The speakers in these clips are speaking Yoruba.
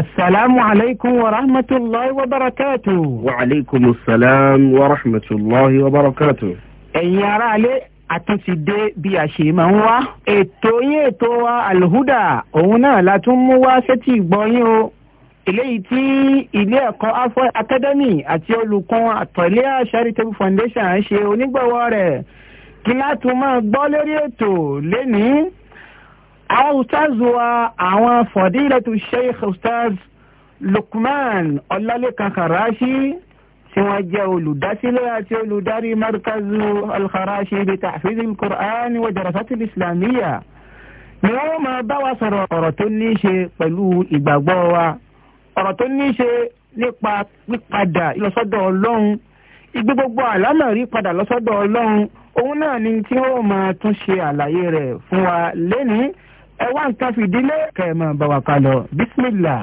السلام عليكم ورحمة الله وبركاته وعليكم السلام ورحمة الله وبركاته ẹ̀yin ará alẹ́ àtúntì dé bí a ṣe máa ń wá. ètò yín ètò wa alhuda òun náà la tún mú wá sétí ìgbọ́yín o. eléyìí tí ilé ẹ̀kọ́ afọ academy àti olùkọ́ àtọ̀lé charitable foundation ṣe onígbọ̀wọ́ rẹ̀ kí látún máa gbọ́ lórí ètò lénìí àwọn ustaz wa àwọn fadilatu sheikh ustaz lukman ọlálẹ́kan karashi tí wọ́n jẹ́ olùdásílẹ̀ àti olùdarí markazu alkharashi bi tahfiz alquran wa darasat islamiyya ni wọ́n máa bá wa sọ̀rọ̀ ọ̀rọ̀ tó ní ṣe pẹ̀lú ìgbàgbọ́ wa ọ̀rọ̀ tó ní ṣe nípa pípadà ìlọsọ́dọ̀ ọlọ́run ìgbé gbogbo àlámọ̀rí padà lọ́sọ́dọ̀ ọlọ́run òun náà ni tí wọ́n máa tún ṣe àlàyé rẹ̀ fún wa lénìí ẹ wá nǹkan fìdílé. kẹ́ ẹ máa bá wa ká lọ bísímìlà.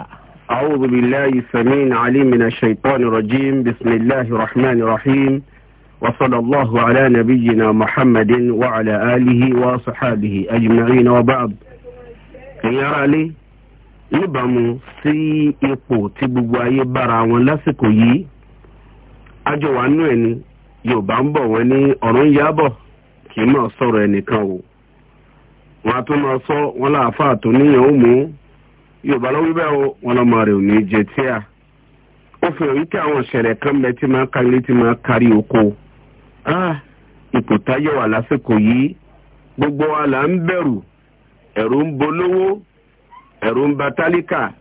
أعوذ بالله السميع العليم من الشيطان الرجيم بسم الله الرحمن الرحيم وصلى الله على نبينا محمد وعلى آله وصحابه أجمعين وبعد ẹ̀yin ará lé níbàámu sí ipò tí gbogbo ayé bára wọn lásìkò yìí àjọwánú ẹni yorùbá ń bọ̀ wọ́n ní ọ̀run yábọ̀ kì í máa sọ̀rọ̀ ẹnìkan o. wọn a tún máa sọ wọn láàfà tó níyàn ó mú yorùbá ló wí bẹ́ẹ̀ o wọn lọ́mọ jẹ tíà ó fi hàn wípé àwọn ìṣẹ̀lẹ̀ kan bẹ tí máa kárí máa oko ah, ipò táyé wà lásìkò yìí gbogbo wa là ń bẹ̀rù ẹ̀rù ń bolówó ẹ̀rù ń ba tálíkà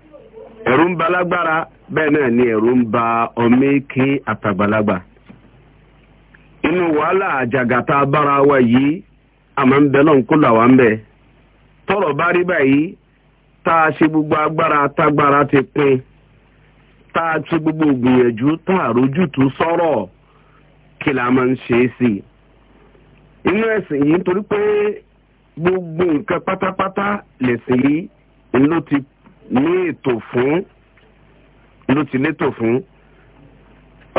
ẹ̀rù ń ba lágbára wa yìí àmọ́ ń bẹ lọ́nkú tọ́rọ̀ bá rí báyìí tá a ṣe gbogbo agbára tágbára ti pin tá a ṣe gbogbo ìgbìyànjú tá a rójútùú sọ̀rọ̀ kí la máa ń ṣe é sí i. inú ẹ̀sìn yìí nítorí pé gbogbo nǹkan pátápátá lẹ̀sìn yìí ló ti ní ètò fún ló ti létò fún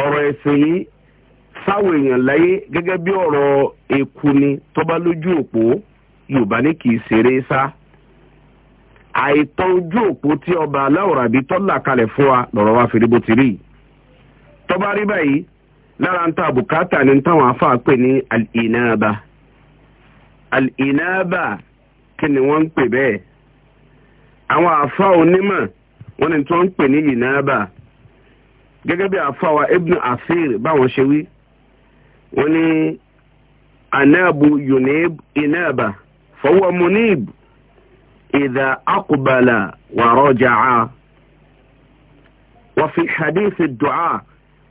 ọ̀rọ̀ ẹ̀sìn yìí sáwọn èèyàn láyé gẹ́gẹ́ bí ọ̀rọ̀ eku ni tó bá lójú òpó yorùbá ní kì í ṣeré sá àìtàn ojú òpó tí ọba aláwòrán àbí tọ́lá kalẹ̀ fún wa lọ́rọ̀ wa fi rí bó ti rí tọ́ba rí báyìí lára ń ta bùkátà ní táwọn afáà pè ní al-inaba al-inaba kí ni wọ́n ń pè bẹ́ẹ̀ àwọn àfa onímọ̀ wọ́n ní tí wọ́n ń pè ní inaba gẹ́gẹ́ bí àfa wa ibn asir báwọn ṣe wí wọ́n ní anabu yunib inaba. فهو منيب إذا أقبل ورجع وفي حديث الدعاء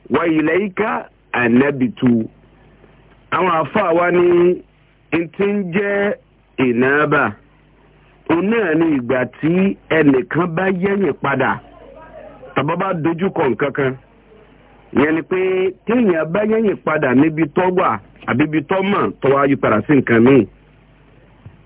وإليك النبت àwọn àfáà wa ní ti ń jẹ́ ìnáàbà òun náà ni ìgbà tí ẹnìkan bá yẹ̀yìn padà tàbá bá dojúkọ nǹkan kan ìyẹn ni pé téèyàn bá yẹ̀yìn padà níbi tó àbíbi tó mọ̀ tó sí nǹkan míì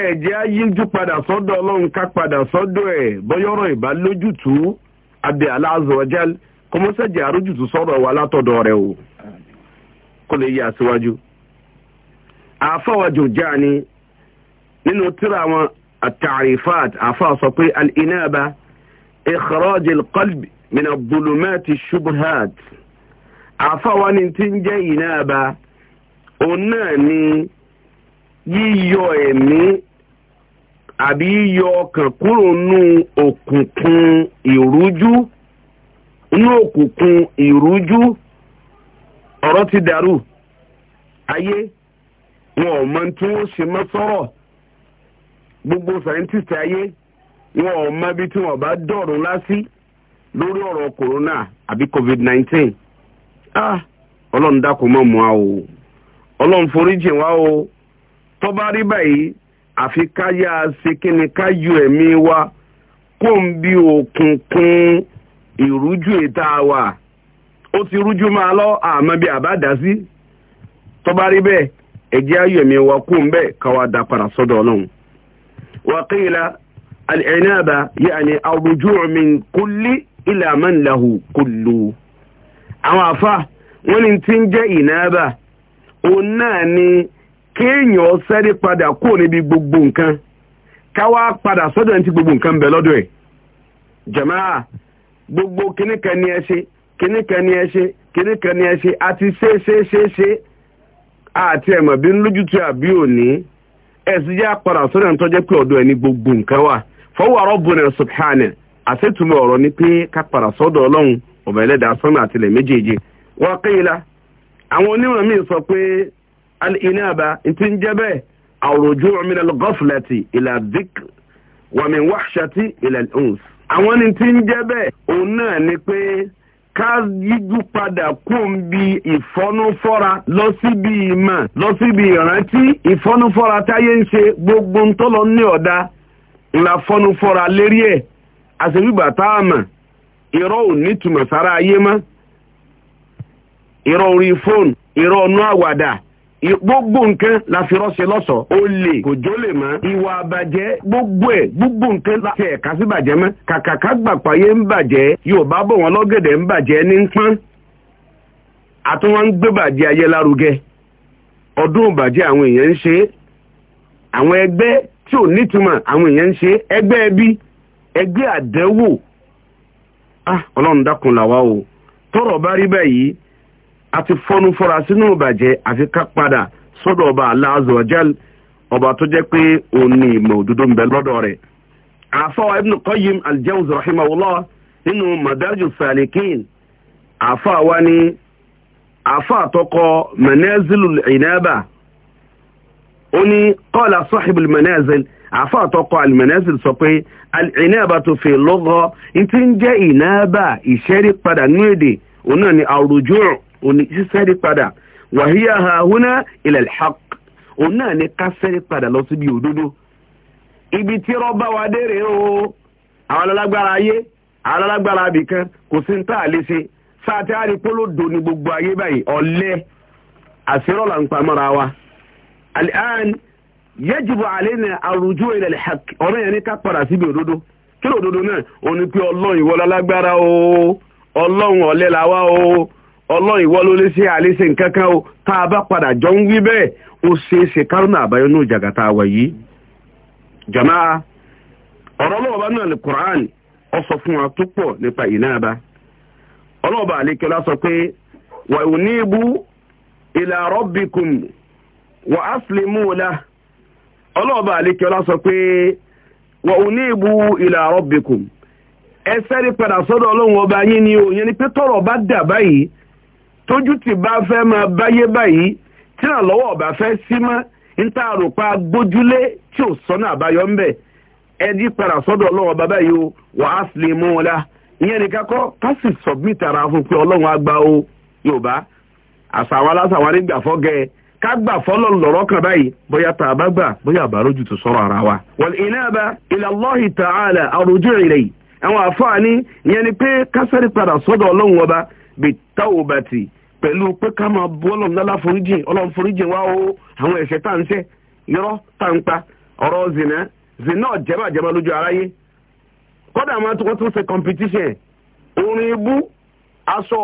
ẹ jẹ́ ayíjú padà sọ́dọ̀ ọlọ́run ká padà sọ́dọ̀ ẹ̀ bọ́yọ́rọ̀ ìbá lójútùú abẹ́ aláàzọ̀ ọjẹ́ kọmọ́sẹ̀jẹ̀ àrójútùú sọ̀rọ̀ wa látọ̀dọ̀ rẹ̀ o kó lè yà síwájú. àfọwọ́jò já ni nínú tíra wọn àtàrífàt àfọ sọ pé al-inaba ikhraj al-qalb min ad ni ti ń jẹ́ ìnáàbá òun náà ni. yíyọ ẹ̀mí àbí yíyọ ọkàn kúrò nú òkùnkùn ìrújú nú òkùnkùn ìrújú ọ̀rọ̀ ti dàrú ayé wọn ò mọ tí ṣe mọ́ sọ́rọ̀ gbogbo scientist ayé wọn ò mọ ibi tí wọ́n bá dọrùn lásì lórí ọ̀rọ̀ corona àbí 19 ah dákun o foríjì wa o. tó bá rí báyìí àfi ká yá a ṣe kí ni ká yọ ẹ̀mí wa kó ń bí òkùnkùn ìrújú ìta wa ó ti rújú máa lọ àmọ́ bí àbá tó bá rí bẹ́ẹ̀ ẹ̀jẹ̀ ayọ̀ ẹ̀mí wa kó ń bẹ́ẹ̀ ká wa dá padà sọ́dọ̀ ọlọ́run. وقيل العنابة يعني الرجوع من كل إلى من له كل àwọn àfa wọ́n ní ti ń jẹ́ ìnáàbà òun náà ni kéèyàn sẹ́rí padà kúrò níbi gbogbo nǹkan káwá padà sọ́dọ̀ ní ti gbogbo nǹkan bẹ̀ lọ́dọ̀ ẹ̀ jàmáà gbogbo kìnnìkan ẹ ṣe kìnnìkan ẹ ṣe kìnnìkan ẹ ṣe àti ṣe ṣe ṣe ṣe àti ẹ̀mọ̀ bí lójútu àbí òní ẹ̀sìn padà ní pé ọ̀dọ̀ ẹ̀ ní gbogbo nǹkan wà fọwọ́ àṣetumọ̀ ọ̀rọ̀ ni pé ká padà sọ́dọ̀ ọlọ́run sọ́nà àtìlẹ̀ wọ́n àwọn onímọ̀ míì sọ pé ali inaba ìtí ń jẹ́ bẹ́ẹ̀ ar-ruju' min ila dhikr wa min njebe ila ni ti ń bi ifonufora lọ síbi ìmọ̀ lọ síbi ìrántí ìfọ́núfọ́ra táyé gbogbo n tọ́lọ ní ọ̀dá ńlá fọ́núfọ́ra lérí ẹ̀ àṣebíbà tá a gbogbo nǹkan la fi rọ́ṣẹ́ lọ́sọ̀ ó lè kò jó lè mọ́ ìwà àbàjẹ́ gbogbo ẹ̀ gbogbo nǹkan la fi ẹ̀ka sí bàjẹ́ mọ́ kàkàkà yé ń bàjẹ́ Yorùbá bọ̀ wọn lọ́gẹ̀dẹ̀ ń ní pọ́n ń gbé bàjẹ́ ayé lárugẹ ọdún ìbàjẹ́ àwọn èèyàn ń ṣe àwọn ẹgbẹ́ tí ò nítumọ̀ àwọn èèyàn ń ṣe ẹgbẹ́ ẹbí ẹgbẹ́ ah, o tọ́rọ̀ bá rí àti fọnú fọra sínú ìbàjẹ́ àfi ká padà sọ́dọ̀ ọba Allah azza wa jal ọba tó jẹ́ pé òun ni ìmọ̀ òdodo ń bẹ lọ́dọ̀ rẹ̀. àfọwọ́ ibn qayyim al-jawz rahimahullah nínú madarju salikin àfa wa ni àfa àtọkọ manazilu inaba ó ní qala sahib manazil àfa àtọkọ al sọ pé al tó fi lugha ìtí ń jẹ́ ìnáàbà ìṣẹ́rí padà ní èdè òun náà ni àrùjúrù òní sísẹ́rí padà wàhíyà ha húná ilẹ̀ alhaq òun náà ni ká sẹ́rí padà lọ síbi òdodo ibi tí rọ́bà wa dé rèé o àwọn alágbára ayé àwọn alágbára abìkan kò sí ní tá a lè ṣe sáà tí a rí polódo ní gbogbo ayé báyìí ọ̀lẹ́ àṣírọ́ là ń pamọ́ra wa al'an yẹ́jìbọ̀ àlẹ́nà àrùjú ilẹ̀ ọ̀rọ̀ yẹn ní ká padà síbi òdodo kí lòdodo náà òní pé ọlọ́run ìwọlọ́lágbára o ọlọ́run ọ̀lẹ́ làwa o ọlọ́run ìwọ ló lé sí àlésè nǹkan o tá a bá padà jọ ń wí bẹ́ẹ̀ ó ṣeé ṣe kárùnà àbáyọ ní ìjàgàtà yìí jamaa ọ̀rọ̀ ọlọ́ọ̀bá náà ní Qur'an ọ sọ fún wa tó pọ̀ nípa ìnáàbá ọlọ́ọ̀bá àlékẹ́lá sọ pé ọlọ́ọ̀bá sọ pé ọba yín ni o yẹn ni pé tọ́rọ̀ bá tójú ti bá fẹ́ máa báyé báyìí tí lọ́wọ́ ọ̀bá fẹ́ sí mọ́ ń pa gbójúlé tí ò sọ́nà àbáyọ ńbẹ̀ ẹdí padà sọ́dọ̀ ọlọ́wọ́ bàbá yìí o wà á sì lè mú wọn ìyẹn nìkan pé ọlọ́run á gba o yorùbá gẹ ká gbà lọ́rọ́ kan báyìí bóyá tá a bá gbà bóyá ara wa. àròjù bitawubati pẹ̀lú pé ká máa bu ọlọ́run lọ́la foríjì ọlọ́run foríjì wá o àwọn ẹ̀ṣẹ̀ tá n ń ṣẹ̀ irọ́ tá pa ọ̀rọ̀ zina zina ọ̀jẹ̀bàjẹ̀bà lójú aráyé kódà máa tún tún ṣe competition orin ibú aṣọ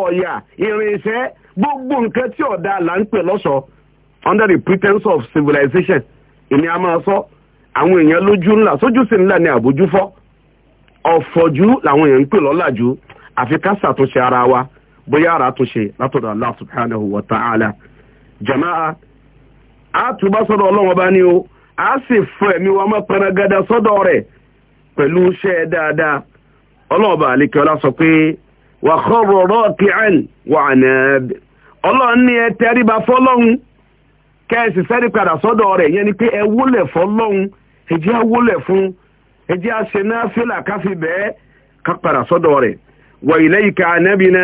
gbogbo nǹkan tí là ń pè under the pretence of civilization èmi a máa sọ àwọn èèyàn lójú ńlá sójú sí ńlá ni làwọn èèyàn bóyá àrà àtúnṣe látọ̀dọ̀ Allah subhanahu wa ta'ala jama'a a túbá sọ́dọ̀ ọlọ́wọ́ bá ní o a sì fọ ẹ̀mí wa mọ́ pẹrẹgẹdẹ sọ́dọ̀ rẹ̀ pẹ̀lú iṣẹ́ dáadáa ọlọ́ọ̀bà àlekẹ́ọ́lá sọ pé wa kharra raki'an wa anab ọlọ́run ní ẹ tẹríba fọ́lọ́hun kẹ́ẹ̀sì sẹ́rí padà sọ́dọ̀ rẹ̀ yẹn ni pé ẹ wólẹ̀ fọ́lọ́hun ẹ jẹ́ fún ẹ jẹ́ fílà káfí bẹ́ẹ̀ ká padà sọ́dọ̀ rẹ̀ wa ilayka anabina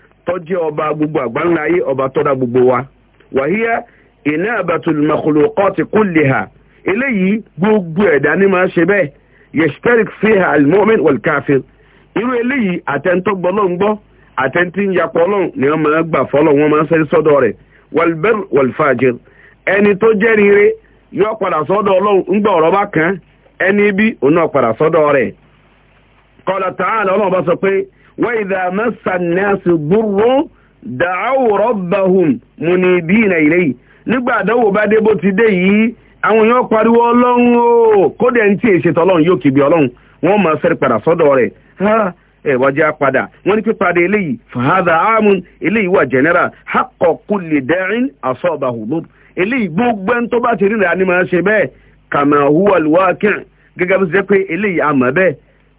tó ọba gbogbo àgbáńlá ọba tó gbogbo wa wàhíyá inabatul makhluqati kulliha eléyìí gbogbo ẹ̀dá ní máa ṣe bẹ́ẹ̀ yashtarik fiha almu'min wal kafir irú eléyìí àtẹ̀ntọ́ gbọ́lọ́n gbọ́ àtẹ̀ntì ń ni wọ́n máa gbà wọn máa ń sẹ́rí sọ́dọ̀ padà sọ́dọ̀ ọlọ́run ń gbọ́ ọ̀rọ̀ bá kan ẹni bí òun náà padà kọlọ ta'ala ọlọ́run bá sọ pé wa idha massa an-nasu durrun da'aw rabbahum munibina nígbà àdánwò bá dé bó ti dé yìí àwọn èèyàn pariwo ọlọ́run o kódẹ̀ ń tí èsì tọ́lọ́run yóò kìbi ọlọ́run wọ́n máa fẹ́rẹ̀ padà sọ́dọ̀ rẹ̀ ẹ̀wọ́já padà wọ́n ní pípadà eléyìí fàhádà áàmù eléyìí wà eléyìí gbogbo ẹni tó bá ti rí ṣe bẹ́ẹ̀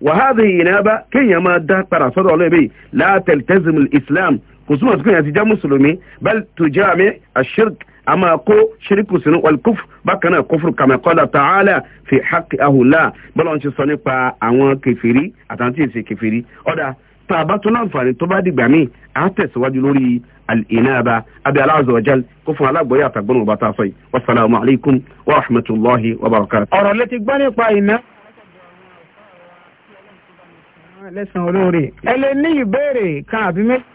وهذه إنابة كيما دهتر صدو الله بي لا تلتزم الإسلام قسمة تكون يسجى مسلمي بل تجامع الشرك أما قو شرك سنو والكف بكنا كفر كما قال تعالى في حق أهو لا بل أنش صنفة أعوان كفيري أتانتي سي كفيري أدا تابتنا فاني تبادي بامي أتس وجلوري الإنابة أبي الله عز وجل كفر الله بياتك بنو بطاسي والسلام عليكم ورحمة الله وبركاته أرى التي بني فاينا lẹ́sàn-án olóore ẹ lè ní ìbéèrè kan àbí méjì.